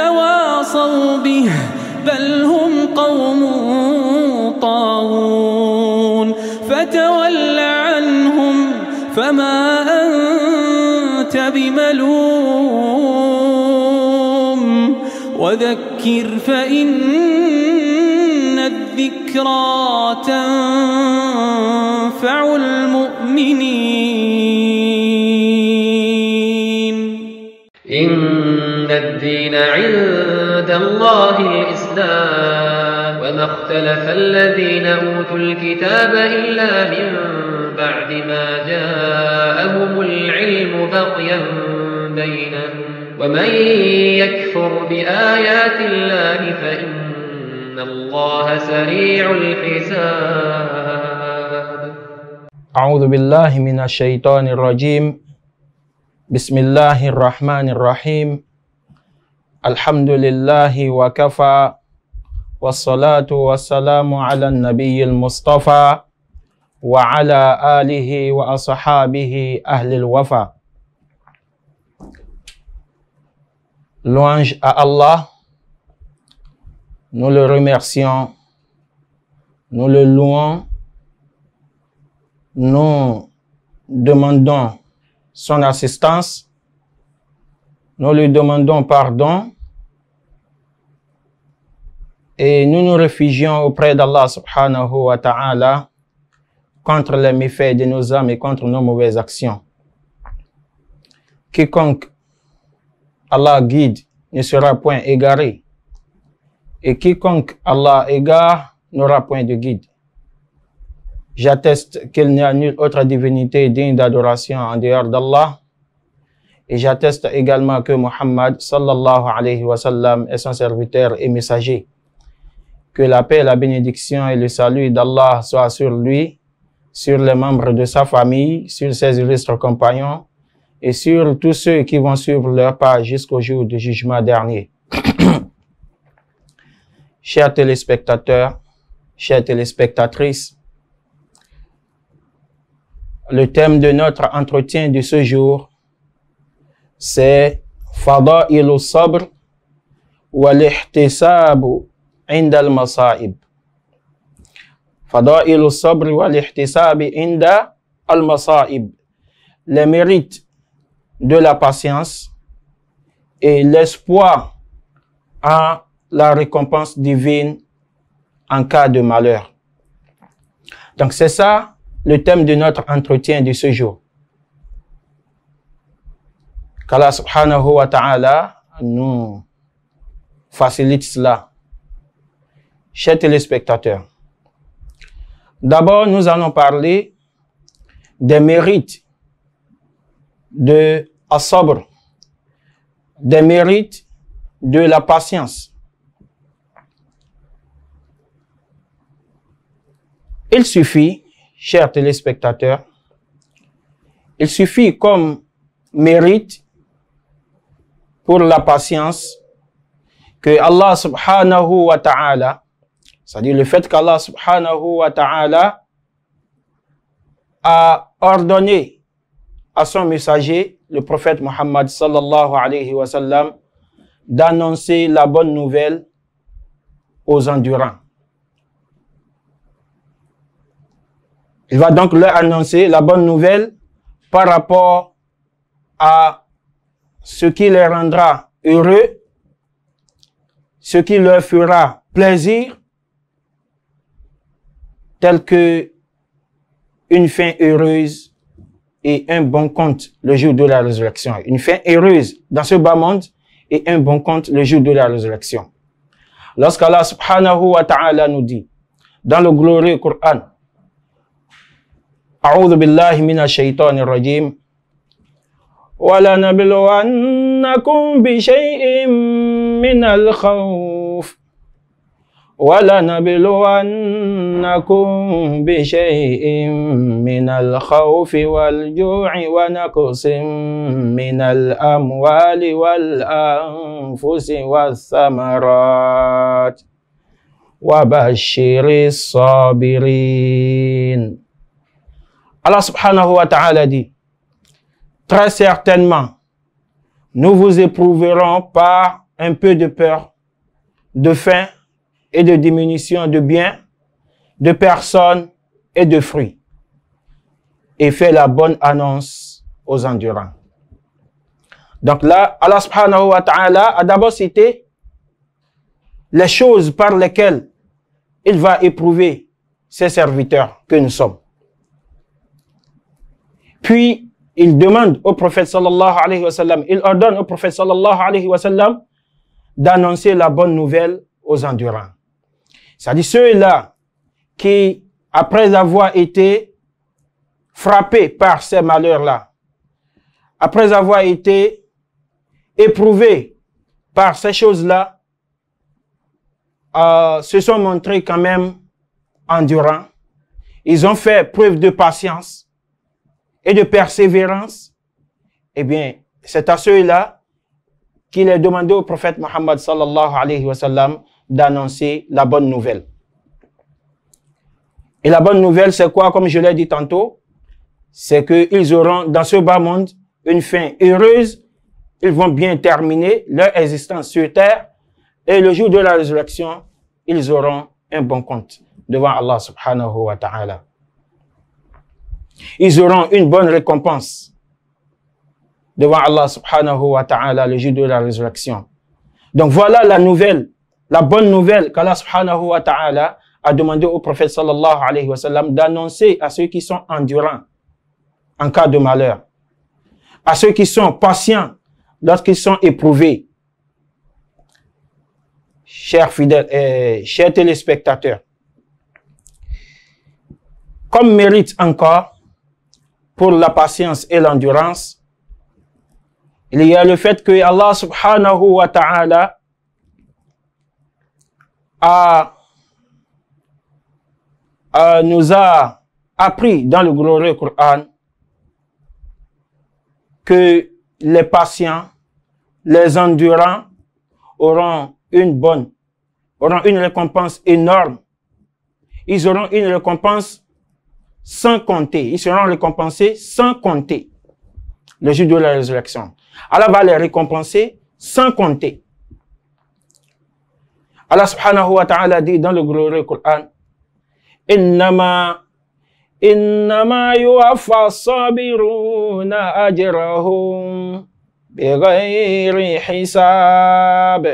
تواصوا به بل هم قوم طاغون فتول عنهم فما أنت بملوم وذكر فإن الذكرى تنفع المؤمنين إن عند الله الإسلام وما اختلف الذين أوتوا الكتاب إلا من بعد ما جاءهم العلم بقيا بينهم ومن يكفر بآيات الله فإن الله سريع الحساب أعوذ بالله من الشيطان الرجيم بسم الله الرحمن الرحيم الحمد لله وكفى والصلاة والسلام على النبي المصطفى وعلى آله وأصحابه أهل الوفا لونج الله Allah nous le remercions nous le louons nous demandons son assistance Nous lui demandons pardon et nous nous réfugions auprès d'Allah subhanahu wa ta'ala contre les méfaits de nos âmes et contre nos mauvaises actions. Quiconque Allah guide ne sera point égaré et quiconque Allah égare n'aura point de guide. J'atteste qu'il n'y a nulle autre divinité digne d'adoration en dehors d'Allah et j'atteste également que Muhammad sallallahu alayhi wa sallam est son serviteur et messager. Que la paix, la bénédiction et le salut d'Allah soient sur lui, sur les membres de sa famille, sur ses illustres compagnons et sur tous ceux qui vont suivre leur pas jusqu'au jour du jugement dernier. chers téléspectateurs, chères téléspectatrices, le thème de notre entretien de ce jour c'est Fada'il sabr wa l'ihtisab inda al-masa'ib. Fada'il sabr wa l'ihtisab inda al-masa'ib. Les mérites de la patience et l'espoir à la récompense divine en cas de malheur. Donc c'est ça le thème de notre entretien de ce jour qu'Allah subhanahu wa ta'ala nous facilite cela. Chers téléspectateurs, d'abord nous allons parler des mérites de Asabre, des mérites de la patience. Il suffit, chers téléspectateurs, il suffit comme mérite pour la patience que Allah subhanahu wa ta'ala, c'est-à-dire le fait qu'Allah subhanahu wa ta'ala a ordonné à son messager, le prophète Muhammad sallallahu alayhi wa sallam, d'annoncer la bonne nouvelle aux endurants. Il va donc leur annoncer la bonne nouvelle par rapport à ce qui les rendra heureux, ce qui leur fera plaisir, tel que une fin heureuse et un bon compte le jour de la résurrection. Une fin heureuse dans ce bas monde et un bon compte le jour de la résurrection. Lorsqu'Allah subhanahu wa ta'ala nous dit dans le glorieux Coran, أعوذ billahi minash ولنبلونكم بشيء من الخوف ولنبلونكم بشيء من الخوف والجوع ونقص من الأموال والأنفس والثمرات وبشر الصابرين الله سبحانه وتعالى دي Très certainement, nous vous éprouverons par un peu de peur, de faim et de diminution de biens, de personnes et de fruits. Et fait la bonne annonce aux endurants. Donc là, Allah subhanahu wa ta'ala a d'abord cité les choses par lesquelles il va éprouver ses serviteurs que nous sommes. Puis, il demande au prophète sallallahu alayhi wa sallam, il ordonne au prophète sallallahu alayhi wa sallam d'annoncer la bonne nouvelle aux endurants. C'est-à-dire ceux-là qui, après avoir été frappés par ces malheurs-là, après avoir été éprouvés par ces choses-là, euh, se sont montrés quand même endurants. Ils ont fait preuve de patience et de persévérance, eh bien, c'est à ceux-là qu'il est demandé au prophète Muhammad sallallahu alayhi wa sallam d'annoncer la bonne nouvelle. Et la bonne nouvelle, c'est quoi, comme je l'ai dit tantôt? C'est qu'ils auront dans ce bas monde une fin heureuse. Ils vont bien terminer leur existence sur terre. Et le jour de la résurrection, ils auront un bon compte devant Allah subhanahu wa ta'ala. Ils auront une bonne récompense devant Allah subhanahu wa ta'ala le jour de la résurrection. Donc voilà la nouvelle, la bonne nouvelle qu'Allah subhanahu wa ta'ala a demandé au prophète sallallahu alayhi wa sallam d'annoncer à ceux qui sont endurants en cas de malheur, à ceux qui sont patients lorsqu'ils sont éprouvés. Chers fidèles, chers téléspectateurs, comme mérite encore pour la patience et l'endurance. Il y a le fait que Allah subhanahu wa ta'ala a, nous a appris dans le glorieux Coran que les patients, les endurants auront une bonne, auront une récompense énorme. Ils auront une récompense sans compter. Ils seront récompensés sans compter le jour de la résurrection. Allah va les récompenser sans compter. Allah subhanahu wa ta'ala dit dans le glorieux Coran, Innama, sabiruna ajrahum hisab.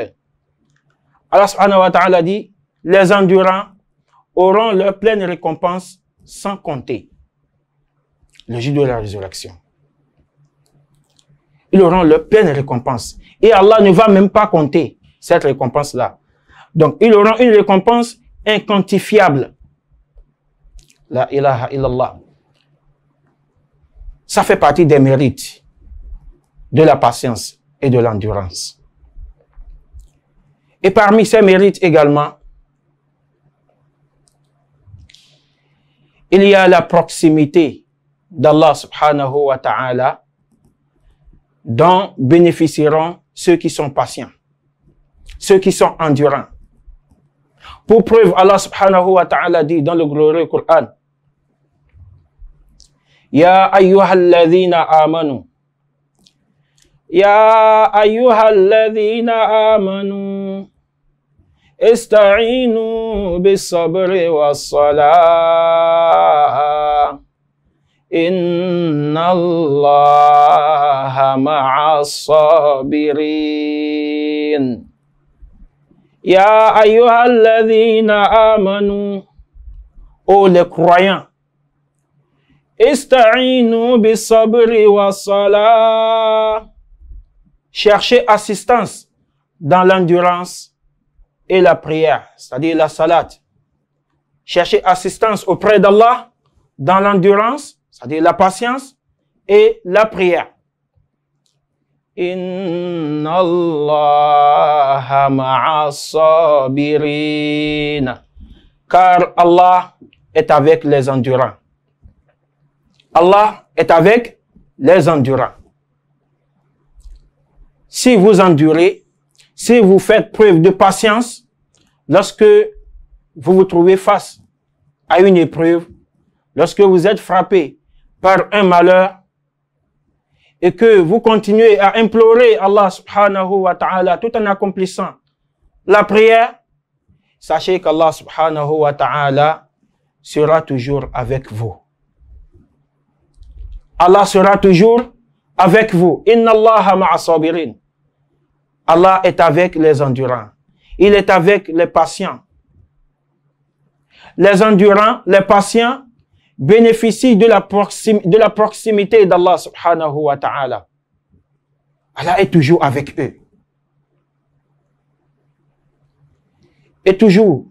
Allah subhanahu wa ta'ala dit, les endurants auront leur pleine récompense sans compter le jour de la résurrection. Ils auront leur pleine récompense. Et Allah ne va même pas compter cette récompense-là. Donc, ils auront une récompense inquantifiable. La ilaha illallah. Ça fait partie des mérites de la patience et de l'endurance. Et parmi ces mérites également, il y a la proximité d'Allah subhanahu wa ta'ala dont bénéficieront ceux qui sont patients, ceux qui sont endurants. Pour preuve, Allah subhanahu wa ta'ala dit dans le glorieux Coran, Ya ladhina amanu. Ya ladhina amanu. استعينوا بالصبر والصلاة إن الله مع الصابرين يا أيها الذين آمنوا أولك ريان استعينوا بالصبر والصلاة Cherchez assistance dans l'endurance et la prière, c'est-à-dire la salat. chercher assistance auprès d'Allah dans l'endurance, c'est-à-dire la patience et la prière. Inna Allah Car Allah est avec les endurants. Allah est avec les endurants. Si vous endurez, si vous faites preuve de patience lorsque vous vous trouvez face à une épreuve, lorsque vous êtes frappé par un malheur et que vous continuez à implorer Allah subhanahu wa ta'ala tout en accomplissant la prière, sachez qu'Allah subhanahu wa ta'ala sera toujours avec vous. Allah sera toujours avec vous. Inna Allah ma'asabirin. Allah est avec les endurants. Il est avec les patients. Les endurants, les patients bénéficient de la, proximité d'Allah subhanahu wa ta'ala. Allah est toujours avec eux. Et toujours,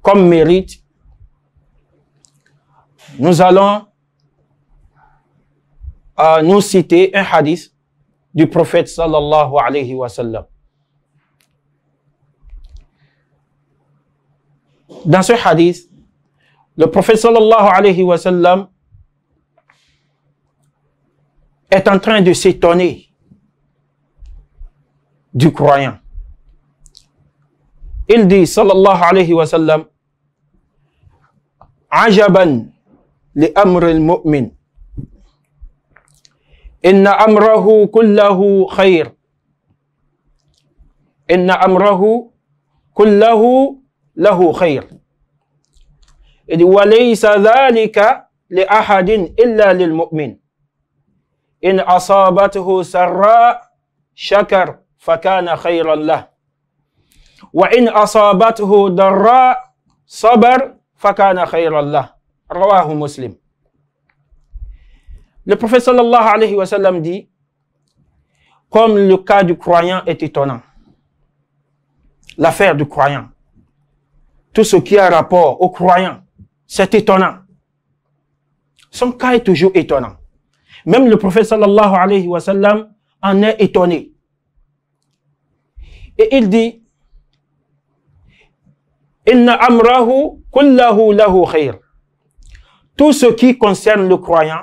comme mérite, nous allons euh, nous citer un hadith du prophète sallallahu alayhi wa sallam. Dans ce hadith, le prophète sallallahu alayhi wa sallam est en train de s'étonner du croyant. Il dit sallallahu alayhi wa sallam Ajaban li amril mumin إن أمره كله خير إن أمره كله له خير وليس ذلك لأحد إلا للمؤمن إن أصابته سراء شكر فكان خيرا له وإن أصابته ضراء صبر فكان خيرا له رواه مسلم Le prophète sallallahu alayhi wa sallam dit Comme le cas du croyant est étonnant, l'affaire du croyant, tout ce qui a rapport au croyant, c'est étonnant. Son cas est toujours étonnant. Même le prophète sallallahu alayhi wa sallam en est étonné. Et il dit amrahu Tout ce qui concerne le croyant,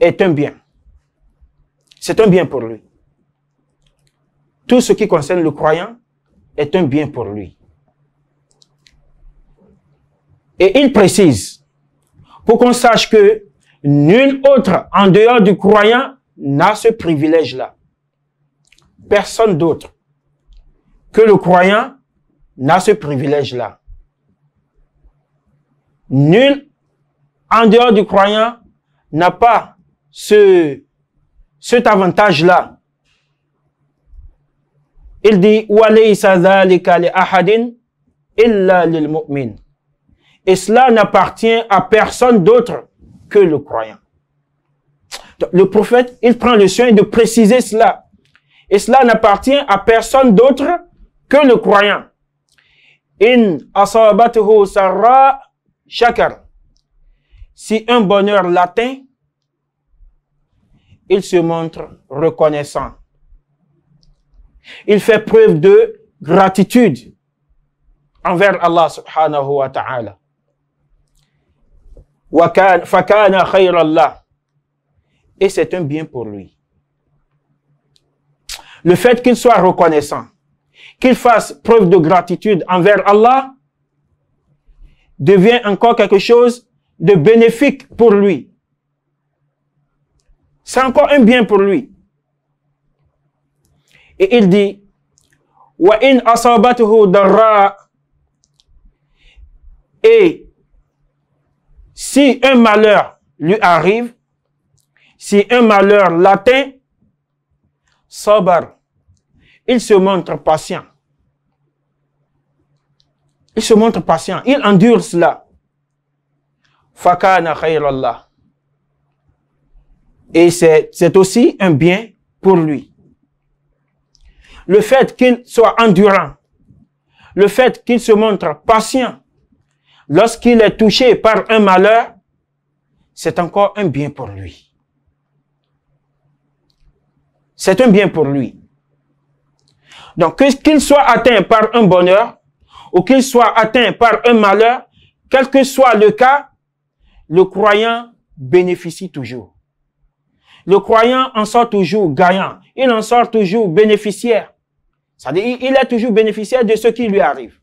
est un bien. C'est un bien pour lui. Tout ce qui concerne le croyant est un bien pour lui. Et il précise, pour qu'on sache que nul autre en dehors du croyant n'a ce privilège-là. Personne d'autre que le croyant n'a ce privilège-là. Nul en dehors du croyant n'a pas ce, cet avantage-là. Il dit, Et cela n'appartient à personne d'autre que le croyant. le prophète, il prend le soin de préciser cela. Et cela n'appartient à personne d'autre que le croyant. In Si un bonheur l'atteint, il se montre reconnaissant. Il fait preuve de gratitude envers Allah subhanahu wa ta'ala. Et c'est un bien pour lui. Le fait qu'il soit reconnaissant, qu'il fasse preuve de gratitude envers Allah, devient encore quelque chose de bénéfique pour lui. C'est encore un bien pour lui. Et il dit, Et si un malheur lui arrive, si un malheur l'atteint, il se montre patient. Il se montre patient, il endure cela. Fakana خَيْرَ Allah et c'est aussi un bien pour lui. Le fait qu'il soit endurant, le fait qu'il se montre patient lorsqu'il est touché par un malheur, c'est encore un bien pour lui. C'est un bien pour lui. Donc, qu'il soit atteint par un bonheur ou qu'il soit atteint par un malheur, quel que soit le cas, le croyant bénéficie toujours. Le croyant en sort toujours gagnant. Il en sort toujours bénéficiaire. C'est-à-dire, il est toujours bénéficiaire de ce qui lui arrive.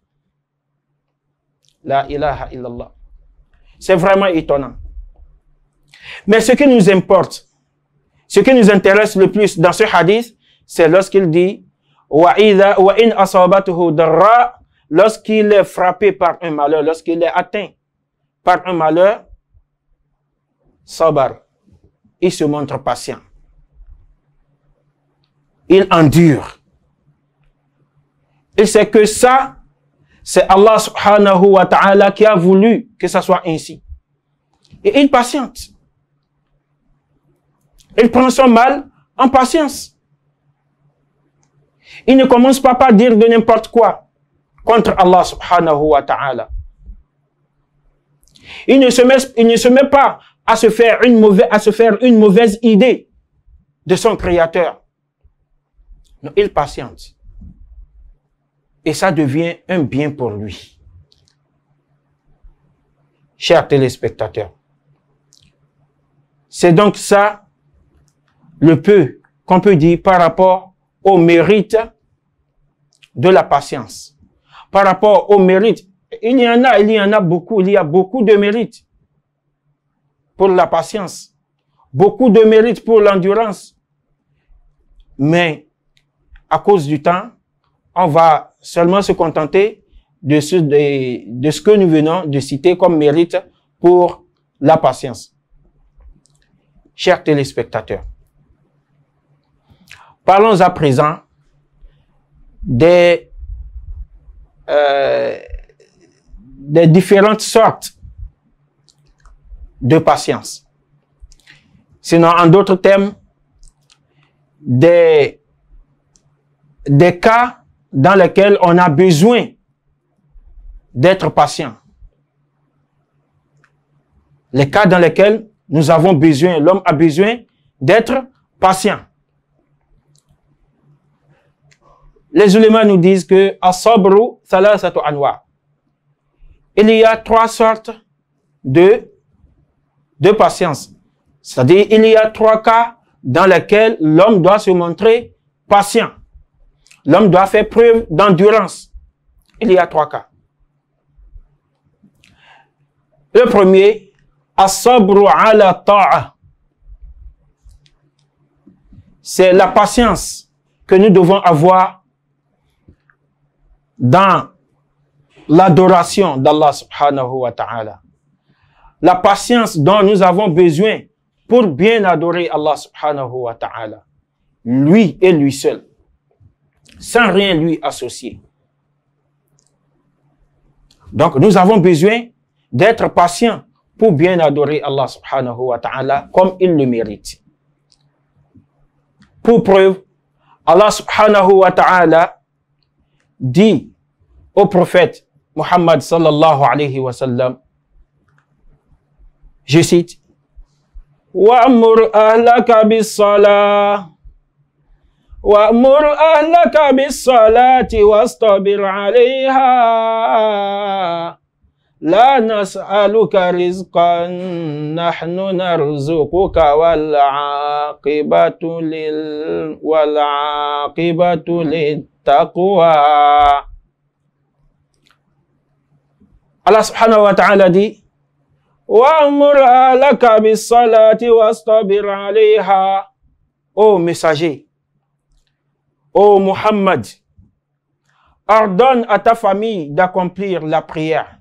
La ilaha illallah. C'est vraiment étonnant. Mais ce qui nous importe, ce qui nous intéresse le plus dans ce hadith, c'est lorsqu'il dit lorsqu'il est frappé par un malheur, lorsqu'il est atteint par un malheur, sabar il se montre patient. Il endure. Et c'est que ça, c'est Allah subhanahu wa ta'ala qui a voulu que ça soit ainsi. Et il patiente. Il prend son mal en patience. Il ne commence pas par dire de n'importe quoi contre Allah subhanahu wa ta'ala. Il ne, se met, il ne se met pas à se faire une mauvaise, à se faire une mauvaise idée de son créateur. il patiente. Et ça devient un bien pour lui. Chers téléspectateurs, c'est donc ça le peu qu'on peut dire par rapport au mérite de la patience. Par rapport au mérite, il y en a, il y en a beaucoup, il y a beaucoup de mérites pour la patience, beaucoup de mérite pour l'endurance. Mais à cause du temps, on va seulement se contenter de ce, que nous venons de citer comme mérite pour la patience. Chers téléspectateurs, parlons à présent des euh, différentes sortes de patience. Sinon, en d'autres termes, des, des cas dans lesquels on a besoin d'être patient. Les cas dans lesquels nous avons besoin, l'homme a besoin d'être patient. Les ulémas nous disent que Il y a trois sortes de de patience. C'est-à-dire, il y a trois cas dans lesquels l'homme doit se montrer patient. L'homme doit faire preuve d'endurance. Il y a trois cas. Le premier, asabru ala ta'a. C'est la patience que nous devons avoir dans l'adoration d'Allah subhanahu wa ta'ala la patience dont nous avons besoin pour bien adorer Allah subhanahu wa ta'ala. Lui et lui seul. Sans rien lui associer. Donc, nous avons besoin d'être patients pour bien adorer Allah subhanahu wa ta'ala comme il le mérite. Pour preuve, Allah subhanahu wa ta'ala dit au prophète Muhammad sallallahu alayhi wa sallam Je cite Wa'mur ahlaka bis وأمر أهلك بالصلاة واصطبر عليها لا نسألك رزقا نحن نرزقك والعاقبة لل والعاقبة للتقوى الله سبحانه وتعالى دي o Ô messager, ô Muhammad, ordonne à ta famille d'accomplir la prière.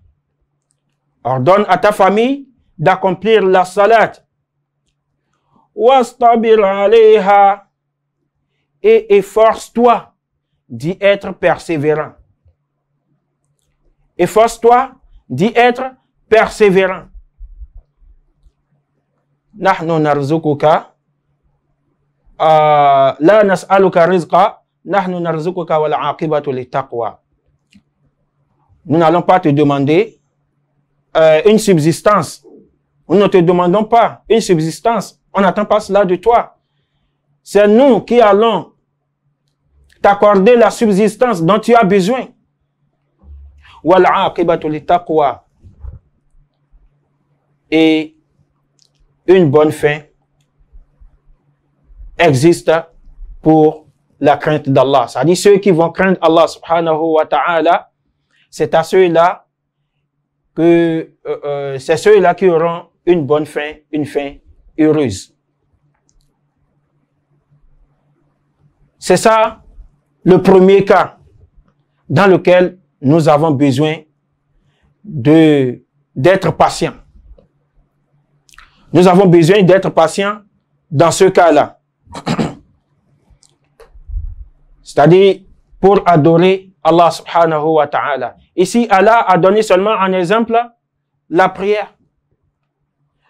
Ordonne à ta famille d'accomplir la salat. Wastabir alayha. Et efforce-toi d'y être persévérant. Efforce-toi d'y être persévérant. Nous n'allons pas te demander euh, une subsistance. Nous ne te demandons pas une subsistance. On n'attend pas cela de toi. C'est nous qui allons t'accorder la subsistance dont tu as besoin. Wal Et une bonne fin existe pour la crainte d'Allah. C'est-à-dire ceux qui vont craindre Allah subhanahu wa ta'ala, c'est à ceux-là que euh, euh, c'est ceux-là qui auront une bonne fin, une fin heureuse. C'est ça le premier cas dans lequel nous avons besoin de d'être patient. Nous avons besoin d'être patients dans ce cas-là. C'est-à-dire pour adorer Allah subhanahu wa ta'ala. Ici, Allah a donné seulement un exemple la prière.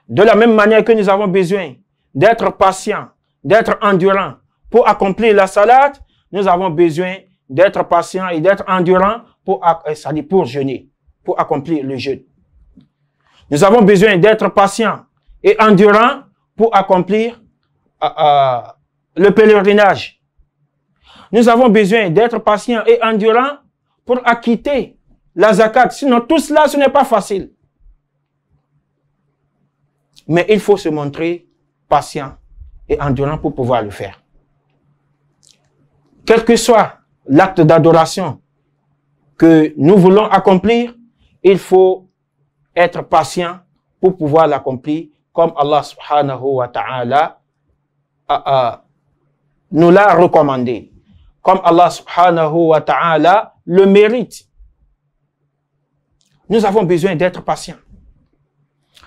De la même manière que nous avons besoin d'être patients, d'être endurants pour accomplir la salade, nous avons besoin d'être patients et d'être endurants pour, euh, pour jeûner, pour accomplir le jeûne. Nous avons besoin d'être patients et endurant pour accomplir euh, euh, le pèlerinage. Nous avons besoin d'être patients et endurants pour acquitter la zakat. Sinon, tout cela, ce n'est pas facile. Mais il faut se montrer patient et endurant pour pouvoir le faire. Quel que soit l'acte d'adoration que nous voulons accomplir, il faut être patient pour pouvoir l'accomplir comme Allah subhanahu wa ta'ala euh, euh, nous l'a recommandé. Comme Allah subhanahu wa ta'ala le mérite. Nous avons besoin d'être patients.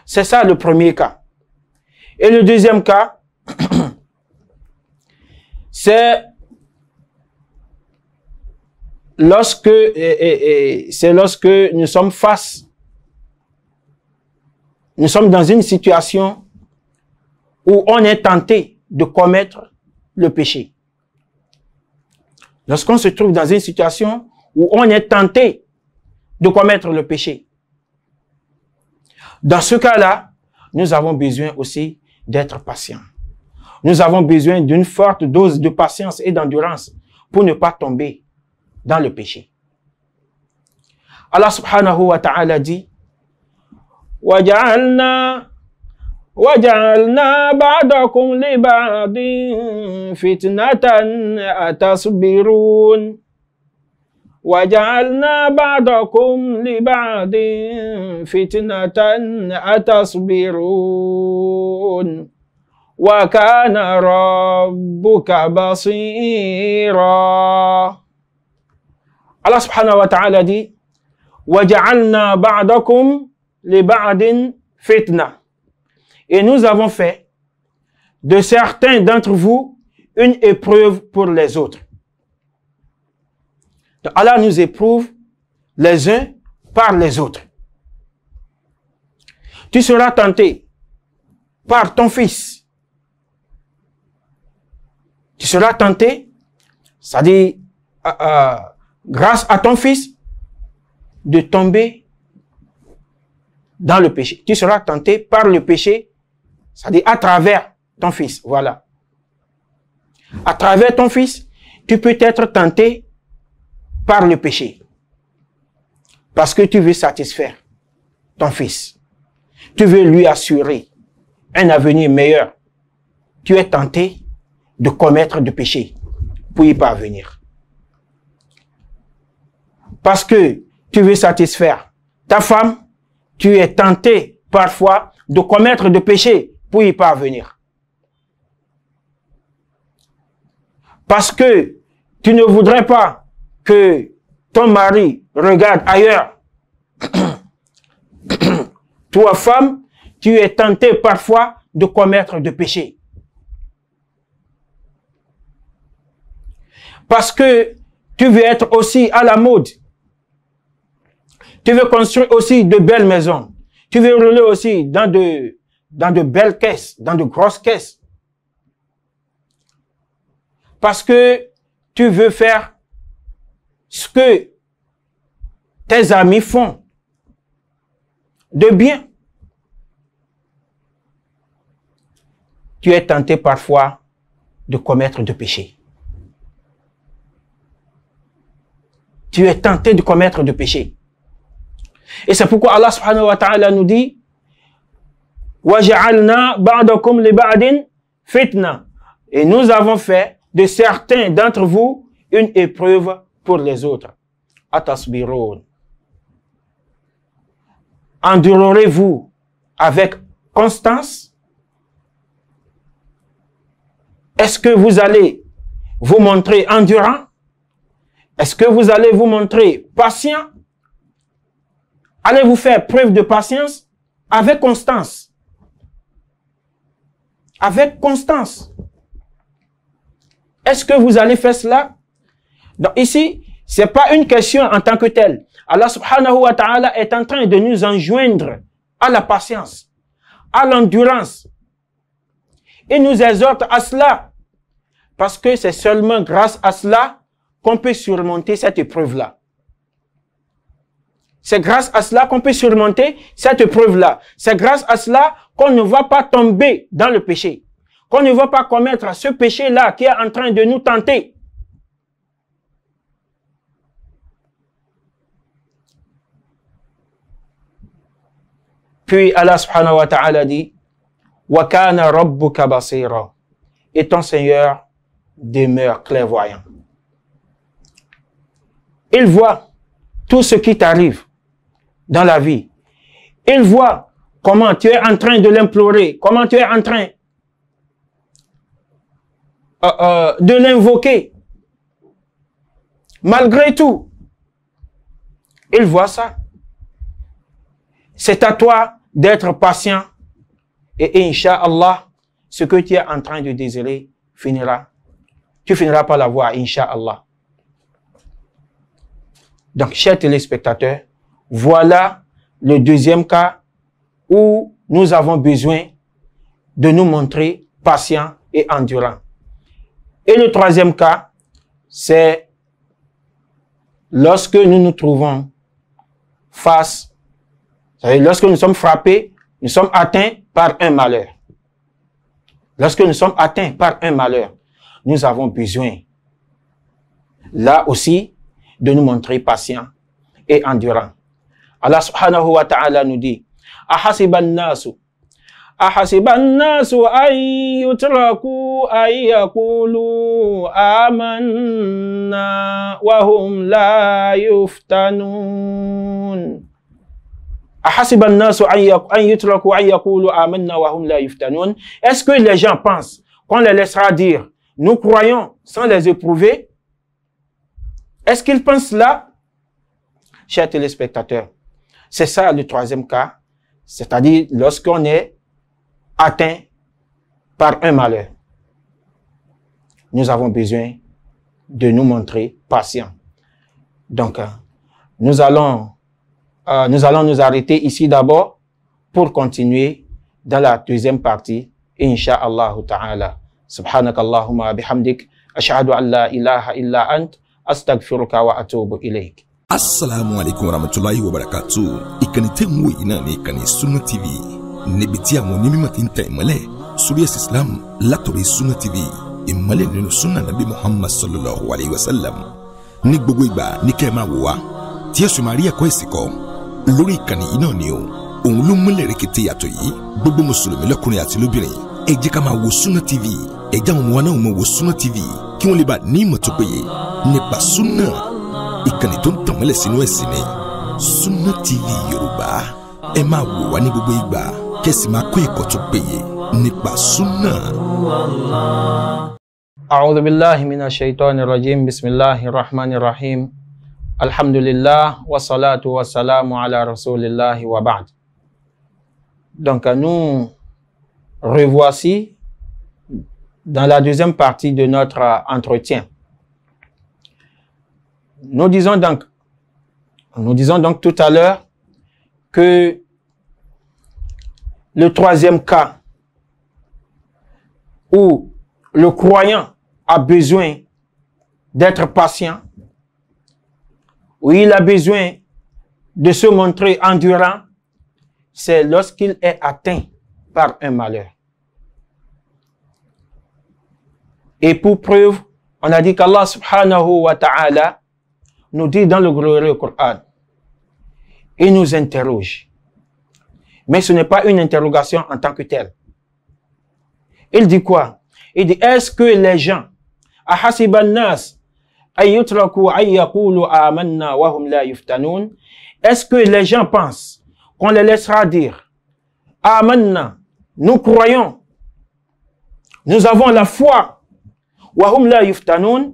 C'est ça le premier cas. Et le deuxième cas, c'est lorsque, c'est lorsque nous sommes face nous sommes dans une situation où on est tenté de commettre le péché. Lorsqu'on se trouve dans une situation où on est tenté de commettre le péché, dans ce cas-là, nous avons besoin aussi d'être patients. Nous avons besoin d'une forte dose de patience et d'endurance pour ne pas tomber dans le péché. Allah subhanahu wa ta'ala dit وجعلنا وجعلنا بعضكم لبعض فتنة أتصبرون وجعلنا بعضكم لبعض فتنة أتصبرون وكان ربك بصيرا الله سبحانه وتعالى دي وجعلنا بعضكم les ba'adin fitna. Et nous avons fait de certains d'entre vous une épreuve pour les autres. Allah nous éprouve les uns par les autres. Tu seras tenté par ton fils. Tu seras tenté, c'est-à-dire euh, euh, grâce à ton fils, de tomber dans le péché. Tu seras tenté par le péché, c'est-à-dire à travers ton fils. Voilà. À travers ton fils, tu peux être tenté par le péché. Parce que tu veux satisfaire ton fils. Tu veux lui assurer un avenir meilleur. Tu es tenté de commettre du péché pour y parvenir. Parce que tu veux satisfaire ta femme, tu es tenté parfois de commettre des péchés pour y parvenir. Parce que tu ne voudrais pas que ton mari regarde ailleurs. Toi, femme, tu es tenté parfois de commettre des péchés. Parce que tu veux être aussi à la mode. Tu veux construire aussi de belles maisons. Tu veux rouler aussi dans de, dans de belles caisses, dans de grosses caisses. Parce que tu veux faire ce que tes amis font de bien. Tu es tenté parfois de commettre de péchés. Tu es tenté de commettre de péchés. Et c'est pourquoi Allah subhanahu wa ta'ala nous dit fitna. Et nous avons fait de certains d'entre vous une épreuve pour les autres. en Endurerez-vous avec constance? Est-ce que vous allez vous montrer endurant? Est-ce que vous allez vous montrer patient? Allez vous faire preuve de patience avec constance. Avec constance. Est-ce que vous allez faire cela? Donc ici, c'est pas une question en tant que telle. Allah subhanahu wa ta'ala est en train de nous enjoindre à la patience, à l'endurance. Il nous exhorte à cela. Parce que c'est seulement grâce à cela qu'on peut surmonter cette épreuve-là. C'est grâce à cela qu'on peut surmonter cette épreuve-là. C'est grâce à cela qu'on ne va pas tomber dans le péché. Qu'on ne va pas commettre ce péché-là qui est en train de nous tenter. Puis Allah subhanahu wa ta'ala dit, Et ton Seigneur demeure clairvoyant. Il voit tout ce qui t'arrive dans la vie. Il voit comment tu es en train de l'implorer, comment tu es en train euh, euh, de l'invoquer. Malgré tout, il voit ça. C'est à toi d'être patient et Inch'Allah, ce que tu es en train de désirer finira. Tu finiras par l'avoir, Inch'Allah. Donc, chers téléspectateurs, voilà le deuxième cas où nous avons besoin de nous montrer patients et endurants. Et le troisième cas, c'est lorsque nous nous trouvons face, lorsque nous sommes frappés, nous sommes atteints par un malheur. Lorsque nous sommes atteints par un malheur, nous avons besoin, là aussi, de nous montrer patients et endurants. Allah subhanahu wa ta'ala nous dit Ahasiban nasu Ahasiban nasu an yutraku an yaqulu amanna wa hum la yuftanun Ahasiba nasu an yutraku an yaqulu amanna na hum la yuftanun Est-ce que les gens pensent qu'on les laissera dire nous croyons sans les éprouver Est-ce qu'ils pensent là Chers téléspectateurs, c'est ça le troisième cas, c'est-à-dire lorsqu'on est atteint par un malheur. Nous avons besoin de nous montrer patients. Donc, euh, nous allons, euh, nous allons nous arrêter ici d'abord pour continuer dans la deuxième partie, InshaAllah. ta'ala. سبحانك bihamdik, bihamdik, an la لا illa ant, astagfiruka wa atubu ilayk. asalaamualeykum warahmatulahi wabarakatu ìkànnì tẹ́ ń wò yìí náà ní ìkànnì Sunna TV níbi tí àwọn onímọ̀ ti ń ta ìmọ́lẹ̀ sórí Islam látọ̀rí Sunna TV ìmọ́lẹ̀ nínú sunna nabi Muhammad sallallahu alayhi wa sallam ní gbogbo ìgbà ní kẹ́ ẹ máa wò wá tí ẹ sì máa rí ẹ̀kọ́ ẹ̀sìn kọ́ lórí ìkànnì yìí náà ni o òun ló múlẹ̀ rẹ̀kẹ̀tẹ̀ yàtọ̀ yìí gbogbo mùsùlùmí lọ́kùnrin àti lóbìnrin ẹ jẹ́ ká máa wo Sunna TV ẹ jẹ́ àwọn ọmọ wa náà máa wo Sunna TV kí wọ́n lè bá ní ìmọ̀ tó péye nípa sunna ìkànnì tó ń tàn mẹ́lẹ̀ sínú ẹ̀sìn ni súnà tv yorùbá ẹ máa wò wá ní gbogbo ìgbà kẹ́sì máa kó ìkọ̀ tó péye nípa súnà. àwọn olùbíláhi mi náà ṣe ìtọ́ ni rajim bisimilahi rahmani rahim alhamdulilah wasalaatu wasalaamu ala rasulillahi wa baad. donc nous revoici dans la deuxième partie de notre entretien. Nous disons donc, nous donc tout à l'heure que le troisième cas où le croyant a besoin d'être patient, où il a besoin de se montrer endurant, c'est lorsqu'il est atteint par un malheur. Et pour preuve, on a dit qu'Allah subhanahu wa ta'ala nous dit dans le glorieux Coran, il nous interroge. Mais ce n'est pas une interrogation en tant que telle. Il dit quoi Il dit, est-ce que les gens, hum est-ce que les gens pensent qu'on les laissera dire, Amanna, nous croyons, nous avons la foi, hum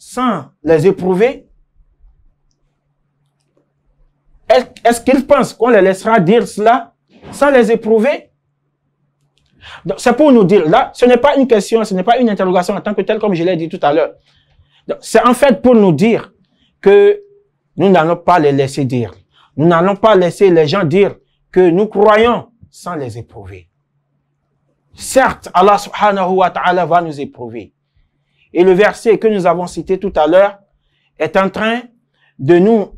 sans les éprouver est-ce qu'ils pensent qu'on les laissera dire cela sans les éprouver C'est pour nous dire, là, ce n'est pas une question, ce n'est pas une interrogation en tant que telle, comme je l'ai dit tout à l'heure. C'est en fait pour nous dire que nous n'allons pas les laisser dire. Nous n'allons pas laisser les gens dire que nous croyons sans les éprouver. Certes, Allah subhanahu wa ta'ala va nous éprouver. Et le verset que nous avons cité tout à l'heure est en train de nous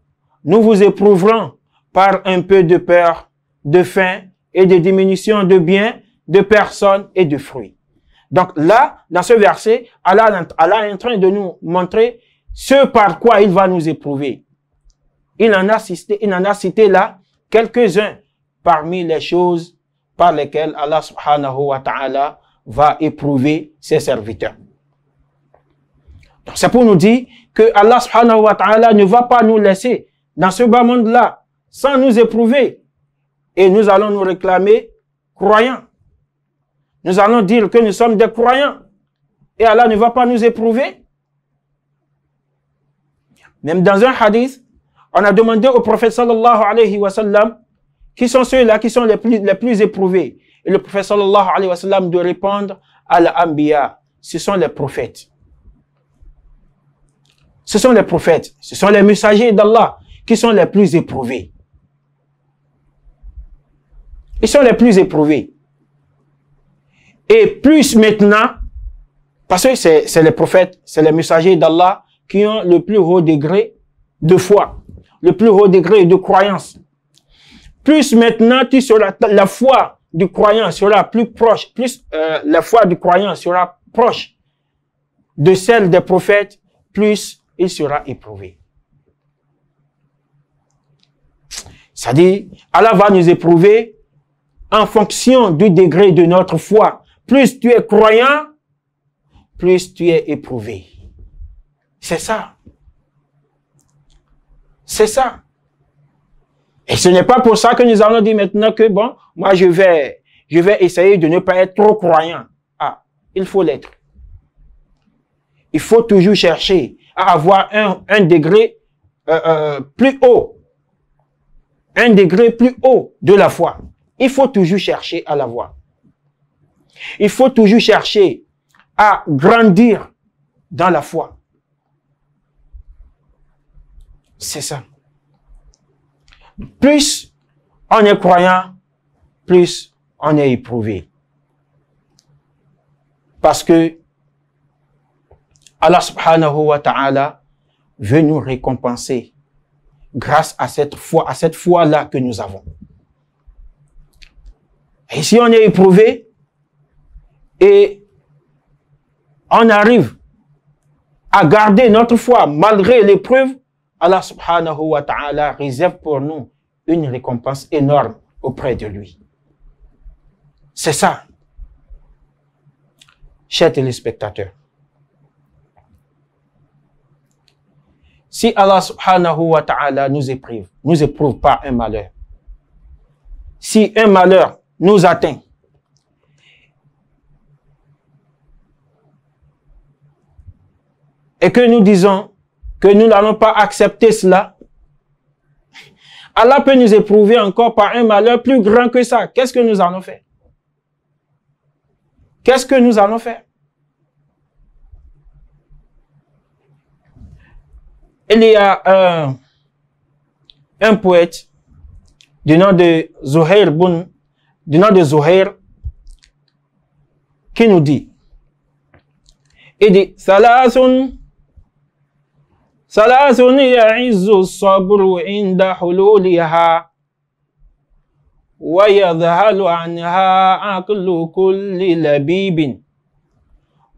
nous vous éprouverons par un peu de peur, de faim et de diminution de biens, de personnes et de fruits. Donc là, dans ce verset, Allah, est en train de nous montrer ce par quoi il va nous éprouver. Il en a cité, il en a cité là quelques-uns parmi les choses par lesquelles Allah subhanahu wa ta'ala va éprouver ses serviteurs. Donc c'est pour nous dire que Allah subhanahu wa ta'ala ne va pas nous laisser dans ce bas monde-là, sans nous éprouver. Et nous allons nous réclamer croyants. Nous allons dire que nous sommes des croyants. Et Allah ne va pas nous éprouver. Même dans un hadith, on a demandé au prophète sallallahu alayhi wa sallam, qui sont ceux-là qui sont les plus, éprouvés. Et le prophète sallallahu alayhi wa sallam de répondre à l'ambiya. Ce sont les prophètes. Ce sont les prophètes. Ce sont les messagers d'Allah qui sont les plus éprouvés. Ils sont les plus éprouvés. Et plus maintenant, parce que c'est les prophètes, c'est les messagers d'Allah qui ont le plus haut degré de foi, le plus haut degré de croyance. Plus maintenant, tu seras, la foi du croyant sera plus proche, plus euh, la foi du croyant sera proche de celle des prophètes, plus il sera éprouvé. C'est-à-dire, Allah va nous éprouver en fonction du degré de notre foi. Plus tu es croyant, plus tu es éprouvé. C'est ça. C'est ça. Et ce n'est pas pour ça que nous allons dire maintenant que, bon, moi je vais, je vais essayer de ne pas être trop croyant. Ah, il faut l'être. Il faut toujours chercher à avoir un, degré euh, euh, plus haut un degré plus haut de la foi. Il faut toujours chercher à la voir. Il faut toujours chercher à grandir dans la foi. C'est ça. Plus on est croyant, plus on est éprouvé. Parce que Allah subhanahu wa ta'ala veut nous récompenser grâce à cette foi, à cette foi-là que nous avons. Et si on est éprouvé et on arrive à garder notre foi malgré l'épreuve, Allah subhanahu wa ta'ala réserve pour nous une récompense énorme auprès de lui. C'est ça, chers téléspectateurs. si Allah subhanahu wa ta'ala nous éprouve, nous éprouve par un malheur, si un malheur nous atteint, et que nous disons que nous n'allons pas accepter cela, Allah peut nous éprouver encore par un malheur plus grand que ça. Qu'est-ce que nous allons faire Qu'est-ce que nous allons faire Il y a un, un poète du nom de Zuhair Boun, du nom de Zuhair, qui nous dit, il dit, Salasun, Salasun ya'izzu sabru inda hululiha, ويذهل anha عقل kulli labibin.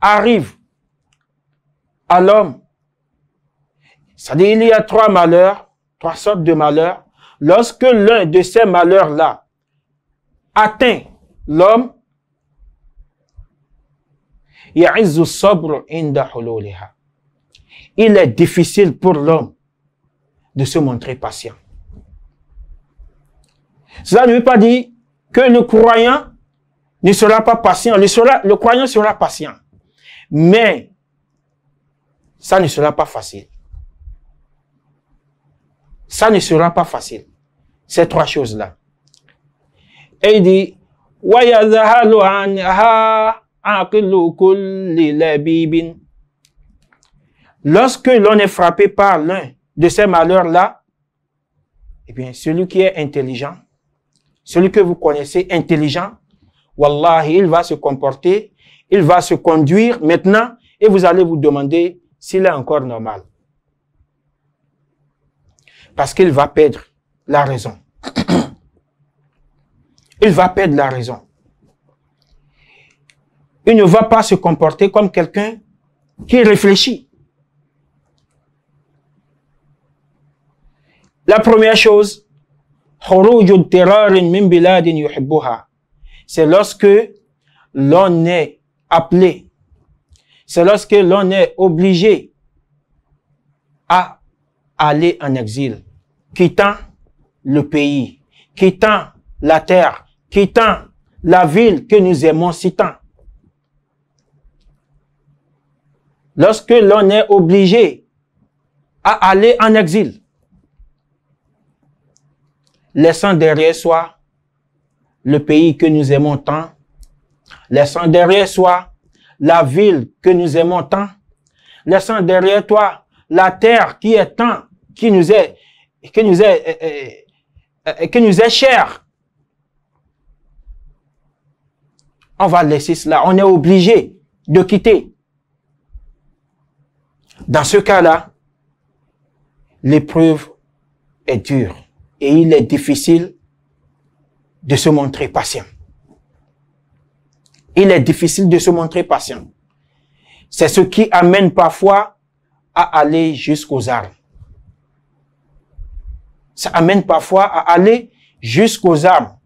arrive à l'homme. C'est-à-dire, il y a trois malheurs, trois sortes de malheurs. Lorsque l'un de ces malheurs-là atteint l'homme, il est difficile pour l'homme de se montrer patient. Cela ne veut pas dire que le croyant ne sera pas patient. le croyant sera patient. Mais, ça ne sera pas facile. Ça ne sera pas facile. Ces trois choses-là. Et il dit, Lorsque l'on est frappé par l'un de ces malheurs-là, eh bien, celui qui est intelligent, celui que vous connaissez intelligent, Wallahi, il va se comporter il va se conduire maintenant et vous allez vous demander s'il est encore normal. Parce qu'il va perdre la raison. Il va perdre la raison. Il ne va pas se comporter comme quelqu'un qui réfléchit. La première chose, c'est lorsque l'on est appelé. C'est lorsque l'on est obligé à aller en exil, quittant le pays, quittant la terre, quittant la ville que nous aimons si tant. Lorsque l'on est obligé à aller en exil, laissant derrière soi le pays que nous aimons tant, Laissant derrière soi la ville que nous aimons tant. Laissant derrière toi la terre qui est tant, qui nous est, qui nous est, euh, euh, euh, qui nous est chère. On va laisser cela. On est obligé de quitter. Dans ce cas-là, l'épreuve est dure et il est difficile de se montrer patient il est difficile de se montrer patient. C'est ce qui amène parfois à aller jusqu'aux armes. Ça amène parfois à aller jusqu'aux armes.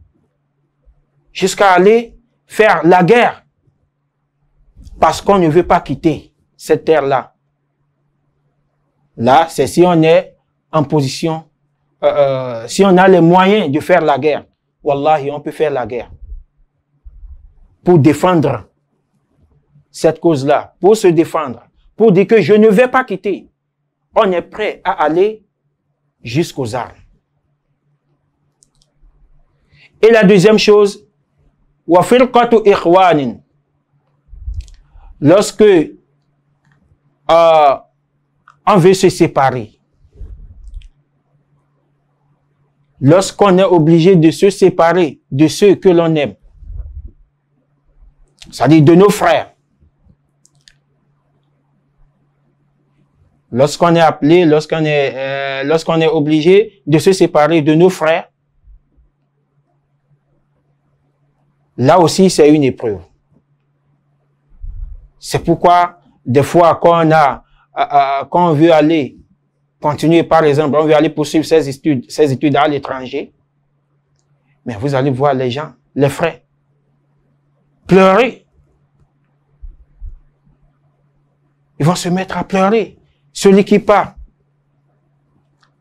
jusqu'à aller faire la guerre, parce qu'on ne veut pas quitter cette terre-là. Là, c'est si on est en position, euh, euh, si on a les moyens de faire la guerre. Wallahi, on peut faire la guerre pour défendre cette cause-là, pour se défendre, pour dire que je ne vais pas quitter. On est prêt à aller jusqu'aux armes. Et la deuxième chose, lorsque euh, on veut se séparer, lorsqu'on est obligé de se séparer de ceux que l'on aime, c'est-à-dire de nos frères. Lorsqu'on est appelé, lorsqu'on est, euh, est obligé de se séparer de nos frères, là aussi c'est une épreuve. C'est pourquoi des fois quand on a, euh, euh, veut aller continuer, par exemple, on veut aller poursuivre ses études, ses études à l'étranger, mais vous allez voir les gens, les frères, pleurer. Ils vont se mettre à pleurer. Celui qui part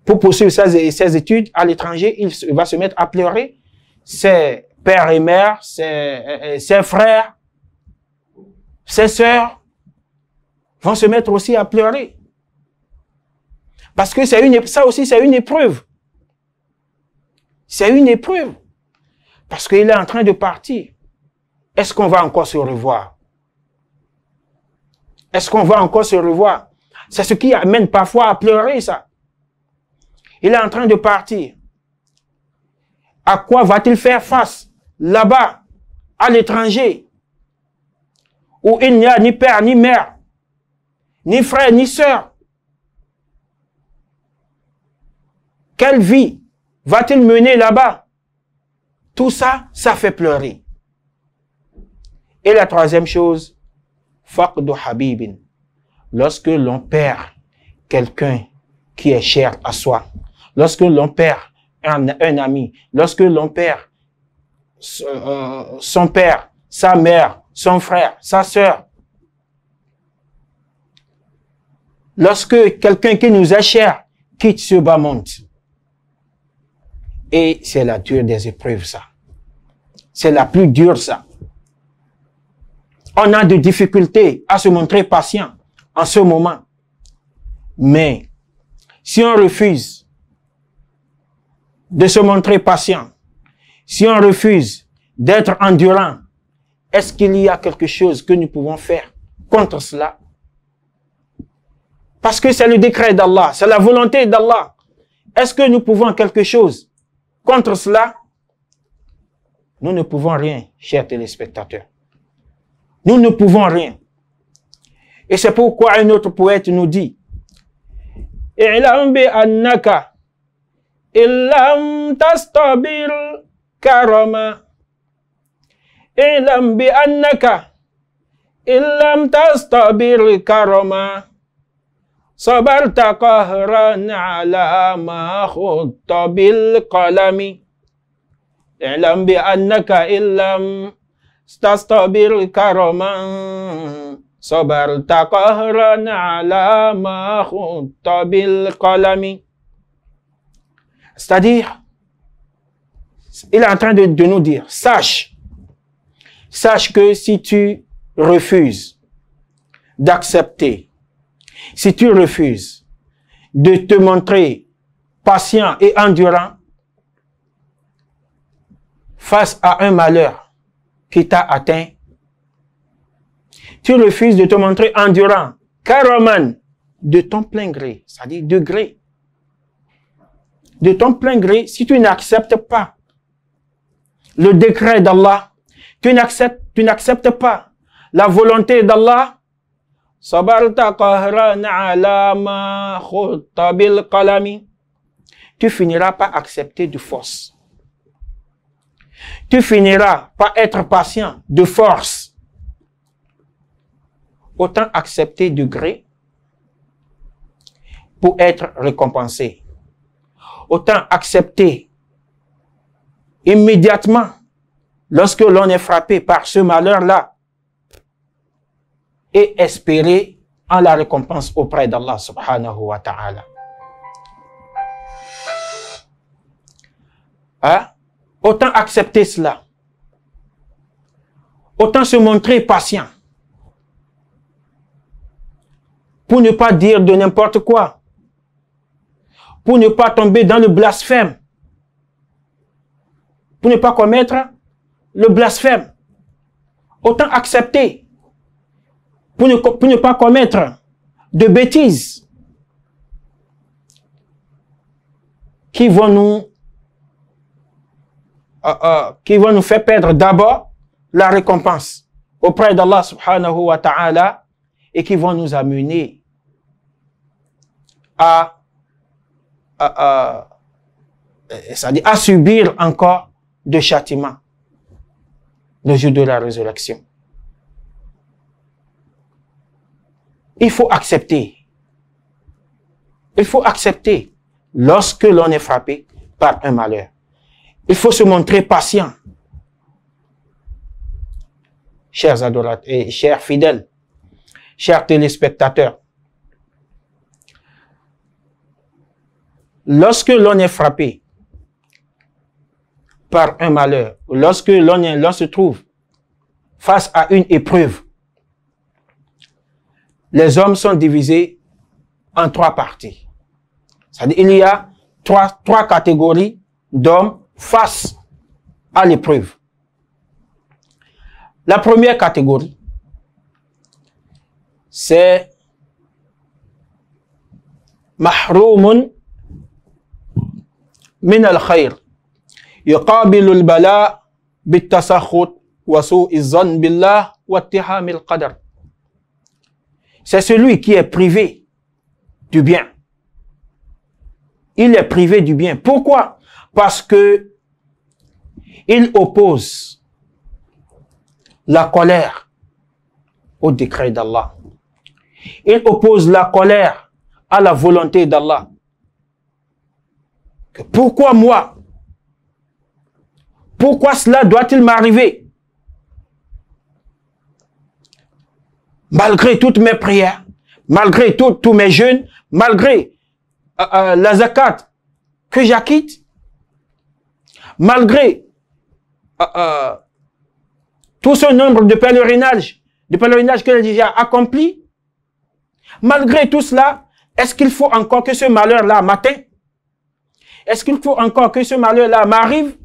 pour poursuivre ses, études à l'étranger, il va se mettre à pleurer. Ses pères et mères, euh, euh, ses, frères, ses sœurs vont se mettre aussi à pleurer. Parce que c'est une, ça aussi, c'est une épreuve. C'est une épreuve. Parce qu'il est en train de partir. Est-ce qu'on va encore se revoir Est-ce qu'on va encore se revoir C'est ce qui amène parfois à pleurer, ça. Il est en train de partir. À quoi va-t-il faire face là-bas, à l'étranger, où il n'y a ni père ni mère, ni frère ni sœur Quelle vie va-t-il mener là-bas Tout ça, ça fait pleurer. Et la troisième chose, habibin. Lorsque l'on perd quelqu'un qui est cher à soi, lorsque l'on perd un, ami, lorsque l'on perd euh, son père, sa mère, son frère, sa sœur, lorsque quelqu'un qui nous est cher quitte ce bas monde. Et c'est la dure des épreuves, ça. C'est la plus dure, ça. On a des difficultés à se montrer patient en ce moment. Mais si on refuse de se montrer patient, si on refuse d'être endurant, est-ce qu'il y a quelque chose que nous pouvons faire contre cela Parce que c'est le décret d'Allah, c'est la volonté d'Allah. Est-ce que nous pouvons quelque chose contre cela Nous ne pouvons rien, chers téléspectateurs. Nous ne pouvons rien. Et c'est pourquoi un autre poète nous dit, annaka illam tastabir karama illam bi annaka illam tastabir karama sabarta qahran ala ma khutta bil qalami illam bi annaka illam c'est-à-dire, il est en train de, nous dire, sache, sache que si tu refuses d'accepter, si tu refuses de te montrer patient et endurant face à un malheur, qui t'a atteint. Tu refuses de te montrer endurant, caroman, de ton plein gré, c'est-à-dire de gré. De ton plein gré, si tu n'acceptes pas le décret d'Allah, tu n'acceptes, tu n'acceptes pas la volonté d'Allah, tu finiras par accepter de force tu finiras par être patient de force. Autant accepter de gré pour être récompensé. Autant accepter immédiatement lorsque l'on est frappé par ce malheur-là et espérer en la récompense auprès d'Allah subhanahu wa ta'ala. Hein? Autant accepter cela. Autant se montrer patient. Pour ne pas dire de n'importe quoi. Pour ne pas tomber dans le blasphème. Pour ne pas commettre le blasphème. Autant accepter. Pour ne, pas commettre de bêtises. Qui vont nous euh, euh, qui vont nous faire perdre d'abord la récompense auprès d'Allah subhanahu wa ta'ala et qui vont nous amener à, à, euh, subir encore de châtiments le jour de la résurrection. Il faut accepter. Il faut accepter lorsque l'on est frappé par un malheur. Il faut se montrer patient. Chers adorateurs et chers fidèles, chers téléspectateurs, lorsque l'on est frappé par un malheur, lorsque l'on se trouve face à une épreuve, les hommes sont divisés en trois parties. il y a trois, trois catégories d'hommes face à l'épreuve. La première catégorie, c'est محروم من الخير يقابل البلاء بالتسخط وسوء الظن بالله واتهام القدر C'est celui qui est privé du bien. Il est privé du bien. Pourquoi parce que il oppose la colère au décret d'Allah. Il oppose la colère à la volonté d'Allah. Pourquoi moi Pourquoi cela doit-il m'arriver Malgré toutes mes prières, malgré tous mes jeûnes, malgré euh, euh, la zakat que j'acquitte, malgré euh, euh, tout ce nombre de pèlerinages, de pèlerinages que a déjà accompli, malgré tout cela, est-ce qu'il faut encore que ce malheur-là m'atteigne Est-ce qu'il faut encore que ce malheur-là m'arrive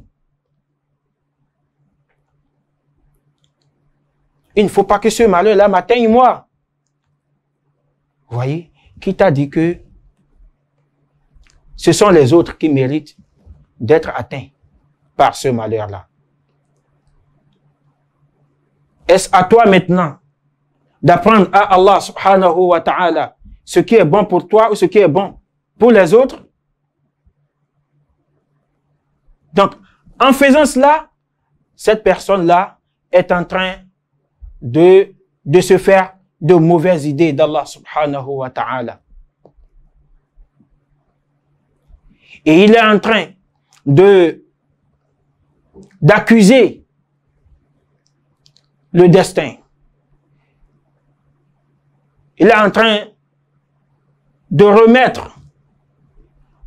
Il ne faut pas que ce malheur-là m'atteigne, moi. Vous voyez Qui t'a dit que ce sont les autres qui méritent d'être atteints ce malheur-là. Est-ce à toi maintenant d'apprendre à Allah subhanahu wa ta'ala ce qui est bon pour toi ou ce qui est bon pour les autres Donc, en faisant cela, cette personne-là est en train de, de se faire de mauvaises idées d'Allah subhanahu wa ta'ala. Et il est en train de d'accuser le destin. Il est en train de remettre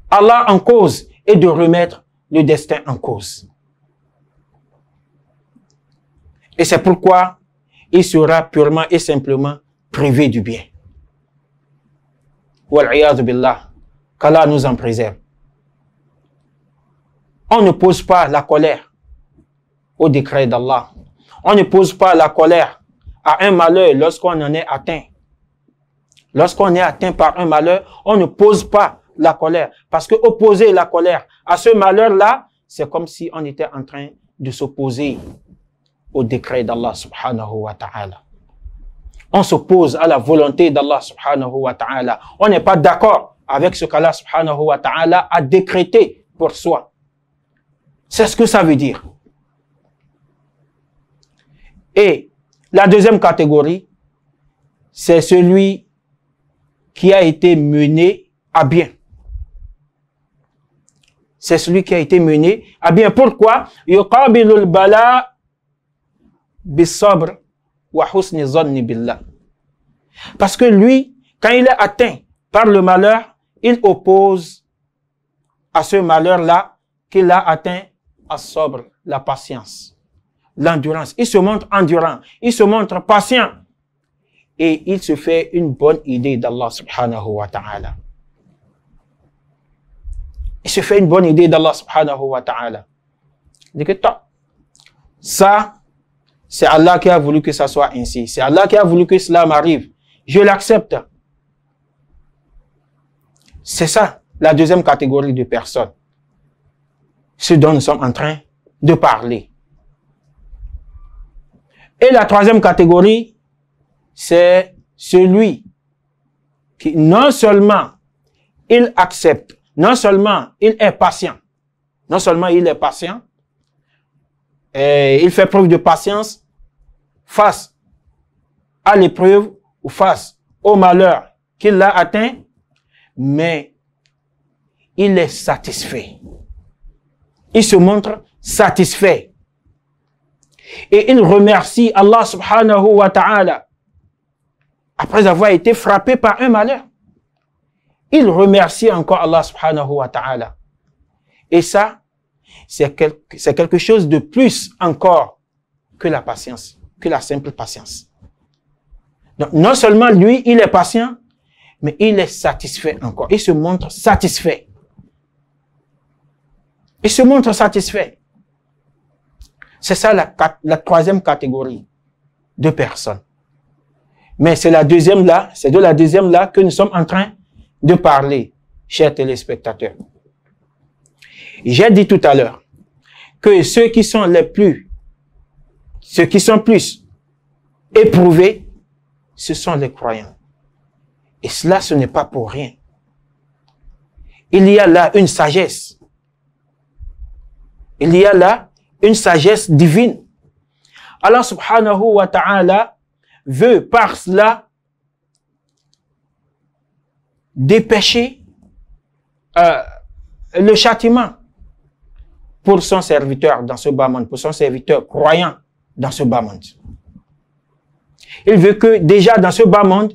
Allah en cause et de remettre le destin en cause. Et c'est pourquoi il sera purement et simplement privé du bien. billah, qu'Allah nous en préserve. On ne pose pas la colère au décret d'Allah. On ne pose pas la colère à un malheur lorsqu'on en est atteint. Lorsqu'on est atteint par un malheur, on ne pose pas la colère. Parce que opposer la colère à ce malheur-là, c'est comme si on était en train de s'opposer au décret d'Allah subhanahu wa ta'ala. On s'oppose à la volonté d'Allah On n'est pas d'accord avec ce qu'Allah a décrété pour soi. C'est ce que ça veut dire. Et la deuxième catégorie, c'est celui qui a été mené à bien. C'est celui qui a été mené à bien. Pourquoi Parce que lui, quand il est atteint par le malheur, il oppose à ce malheur-là qu'il a atteint à sobre, la patience l'endurance. Il se montre endurant. Il se montre patient. Et il se fait une bonne idée d'Allah subhanahu wa ta'ala. Il se fait une bonne idée d'Allah subhanahu wa ta'ala. Il dit que ça, c'est Allah qui a voulu que ça soit ainsi. C'est Allah qui a voulu que cela m'arrive. Je l'accepte. C'est ça, la deuxième catégorie de personnes. Ce dont nous sommes en train de parler. Et la troisième catégorie, c'est celui qui non seulement il accepte, non seulement il est patient, non seulement il est patient, et il fait preuve de patience face à l'épreuve ou face au malheur qu'il a atteint, mais il est satisfait. Il se montre satisfait et il remercie Allah subhanahu wa ta'ala après avoir été frappé par un malheur. Il remercie encore Allah subhanahu wa ta'ala. Et ça, c'est quelque chose de plus encore que la patience, que la simple patience. non seulement lui, il est patient, mais il est satisfait encore. Il se montre satisfait. Il se montre satisfait. C'est ça la, troisième catégorie de personnes. Mais c'est la deuxième là, c'est de la deuxième là que nous sommes en train de parler, chers téléspectateurs. J'ai dit tout à l'heure que ceux qui sont les plus, ceux qui sont plus éprouvés, ce sont les croyants. Et cela, ce n'est pas pour rien. Il y a là une sagesse. Il y a là une sagesse divine. Allah subhanahu wa ta'ala veut par cela dépêcher euh, le châtiment pour son serviteur dans ce bas monde, pour son serviteur croyant dans ce bas monde. Il veut que déjà dans ce bas monde,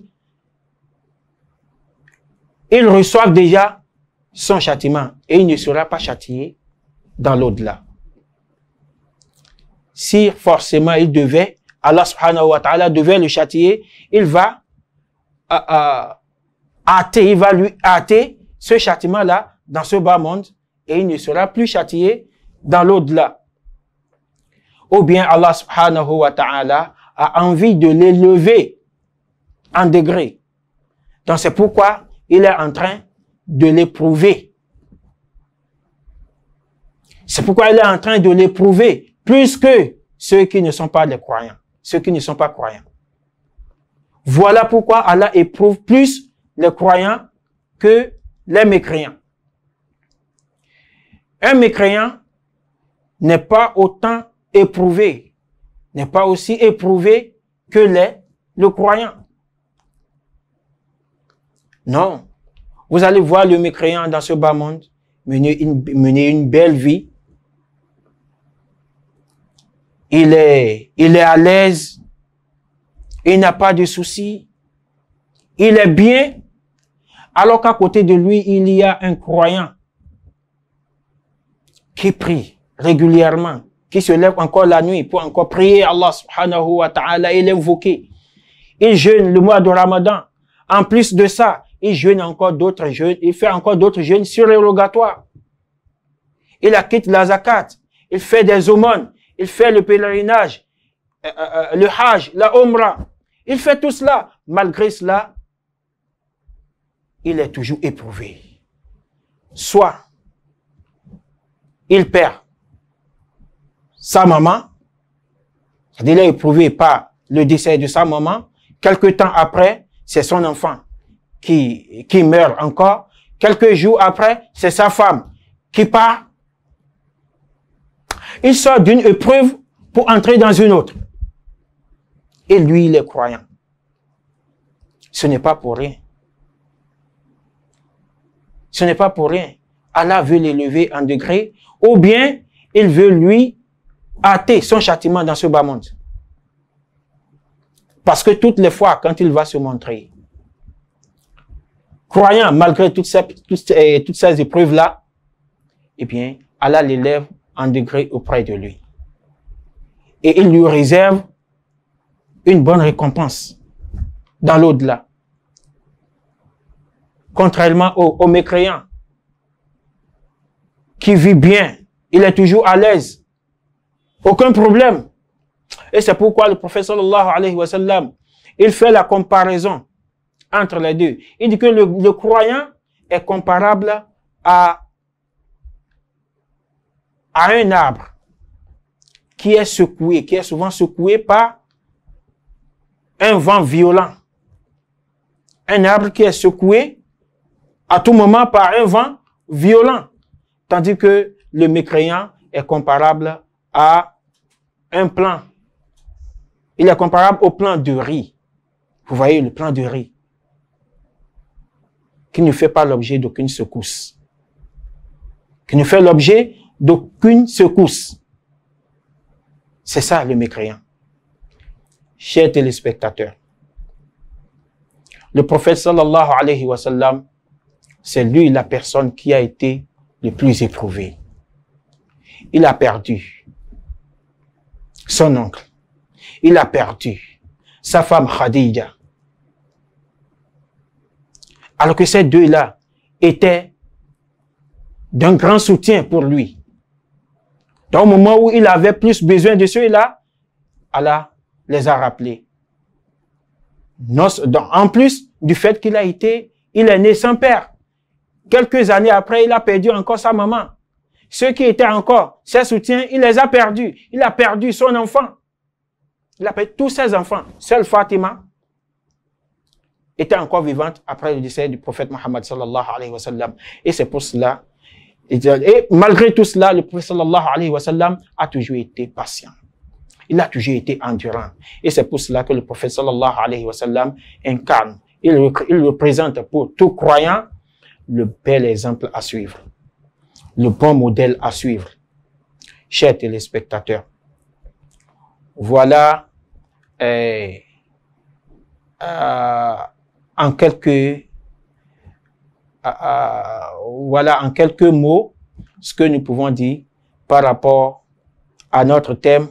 il reçoive déjà son châtiment et il ne sera pas châtié dans l'au-delà si forcément il devait, Allah subhanahu wa ta'ala devait le châtier, il va euh, euh, hâter, il va lui hâter ce châtiment-là dans ce bas monde et il ne sera plus châtié dans l'au-delà. Ou bien Allah subhanahu wa ta'ala a envie de l'élever en degré. Donc c'est pourquoi il est en train de l'éprouver. C'est pourquoi il est en train de l'éprouver plus que ceux qui ne sont pas les croyants, ceux qui ne sont pas croyants. Voilà pourquoi Allah éprouve plus les croyants que les mécréants. Un mécréant n'est pas autant éprouvé, n'est pas aussi éprouvé que les, le croyant. Non. Vous allez voir le mécréant dans ce bas monde mener une belle vie, il est, il est à l'aise, il n'a pas de soucis, il est bien, alors qu'à côté de lui, il y a un croyant qui prie régulièrement, qui se lève encore la nuit pour encore prier Allah subhanahu wa ta'ala et Il jeûne le mois de Ramadan. En plus de ça, il jeûne encore d'autres jeûnes, il fait encore d'autres jeûnes surérogatoires. Il acquitte la zakat, il fait des aumônes, il fait le pèlerinage, euh, euh, euh, le Hajj, la Omra. Il fait tout cela. Malgré cela, il est toujours éprouvé. Soit il perd sa maman, il est éprouvé par le décès de sa maman. Quelque temps après, c'est son enfant qui, qui meurt encore. Quelques jours après, c'est sa femme qui part il sort d'une épreuve pour entrer dans une autre. Et lui, il est croyant. Ce n'est pas pour rien. Ce n'est pas pour rien. Allah veut l'élever en degré ou bien il veut lui hâter son châtiment dans ce bas monde. Parce que toutes les fois, quand il va se montrer, croyant malgré toutes ces, toutes épreuves-là, eh bien, Allah l'élève en degré auprès de lui. Et il lui réserve une bonne récompense dans l'au-delà. Contrairement aux, mécréant mécréants qui vit bien, il est toujours à l'aise. Aucun problème. Et c'est pourquoi le prophète sallallahu alayhi wa sallam, il fait la comparaison entre les deux. Il dit que le, le croyant est comparable à un arbre qui est secoué, qui est souvent secoué par un vent violent. Un arbre qui est secoué à tout moment par un vent violent. Tandis que le mécréant est comparable à un plan. Il est comparable au plan de riz. Vous voyez le plan de riz qui ne fait pas l'objet d'aucune secousse, qui ne fait l'objet d'aucune secousse. C'est ça le mécréant. Chers téléspectateurs, le prophète sallallahu alayhi wa sallam, c'est lui la personne qui a été le plus éprouvé. Il a perdu son oncle. Il a perdu sa femme Khadija. Alors que ces deux-là étaient d'un grand soutien pour lui. Dans le moment où il avait plus besoin de ceux-là, Allah les a rappelés. en plus du fait qu'il a été, il est né sans père. Quelques années après, il a perdu encore sa maman. Ceux qui étaient encore ses soutiens, il les a perdus. Il a perdu son enfant. Il a perdu tous ses enfants. Seule Fatima était encore vivante après le décès du prophète Mohammed Et c'est pour cela et malgré tout cela, le prophète sallallahu alayhi wa sallam a toujours été patient. Il a toujours été endurant. Et c'est pour cela que le prophète sallallahu alayhi wa sallam incarne, il, représente pour tout croyant le bel exemple à suivre, le bon modèle à suivre. Chers téléspectateurs, voilà eh, euh, en quelques voilà en quelques mots ce que nous pouvons dire par rapport à notre thème,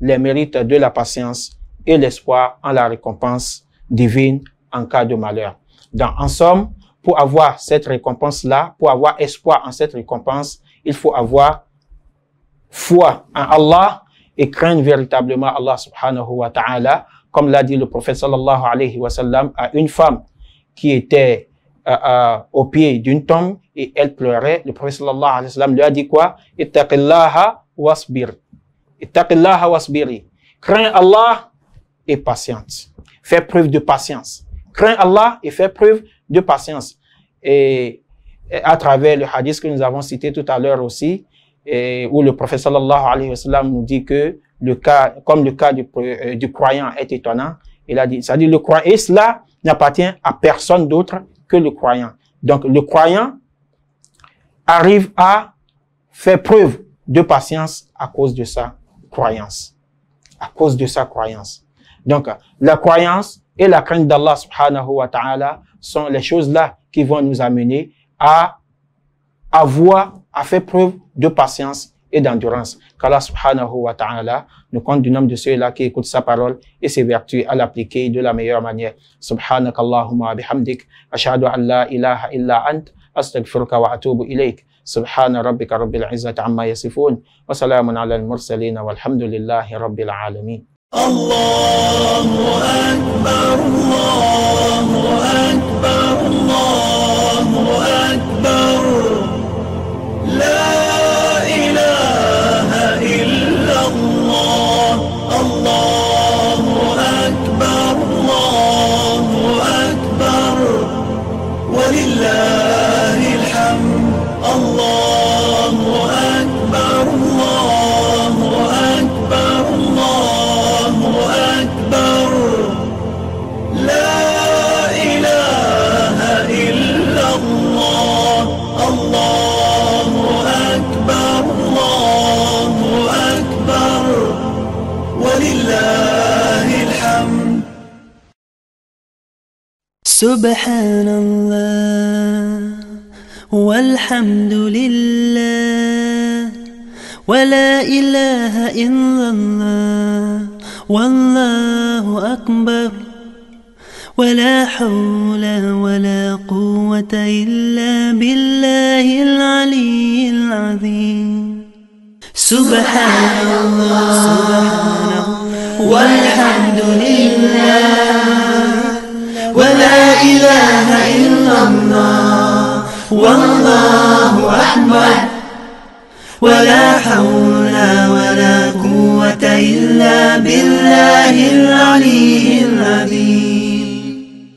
les mérites de la patience et l'espoir en la récompense divine en cas de malheur. Donc, en somme, pour avoir cette récompense-là, pour avoir espoir en cette récompense, il faut avoir foi en Allah et craindre véritablement Allah subhanahu wa ta'ala, comme l'a dit le prophète sallallahu alayhi wa sallam à une femme qui était au pied d'une tombe et elle pleurait. Le prophète sallallahu alayhi wa sallam lui a dit quoi Ittaqillaha wasbir. Crains Allah et patiente. Fais preuve de patience. Crains Allah et fais preuve de patience. Et, à travers le hadith que nous avons cité tout à l'heure aussi, et, où le prophète sallallahu alayhi wa sallam nous dit que le cas, comme le cas du, euh, croyant est étonnant, il a dit, ça à dire le croyant, et cela n'appartient à personne d'autre le croyant. Donc le croyant arrive à faire preuve de patience à cause de sa croyance. À cause de sa croyance. Donc la croyance et la crainte d'Allah subhanahu wa ta'ala sont les choses là qui vont nous amener à avoir, à faire preuve de patience et d'endurance. Qu'Allah subhanahu wa ta'ala nous compte du nombre de ceux-là qui écoutent sa parole et ses vertus à l'appliquer de la meilleure manière. Subhanakallahumma bihamdik. Ashhadu an la ilaha illa ant. Astaghfiruka wa atubu ilayk. rabbika rabbil izzati amma yasifun. Wa salamun al mursalin walhamdulillahi alhamdulillahi rabbil alamin. الله أكبر الله أكبر الله أكبر سبحان الله والحمد لله ولا إله إلا الله والله أكبر ولا حول ولا قوة إلا بالله العلي العظيم سبحان الله والحمد لله ولا إله إلا الله والله أكبر ولا حول ولا قوة إلا بالله العلي العظيم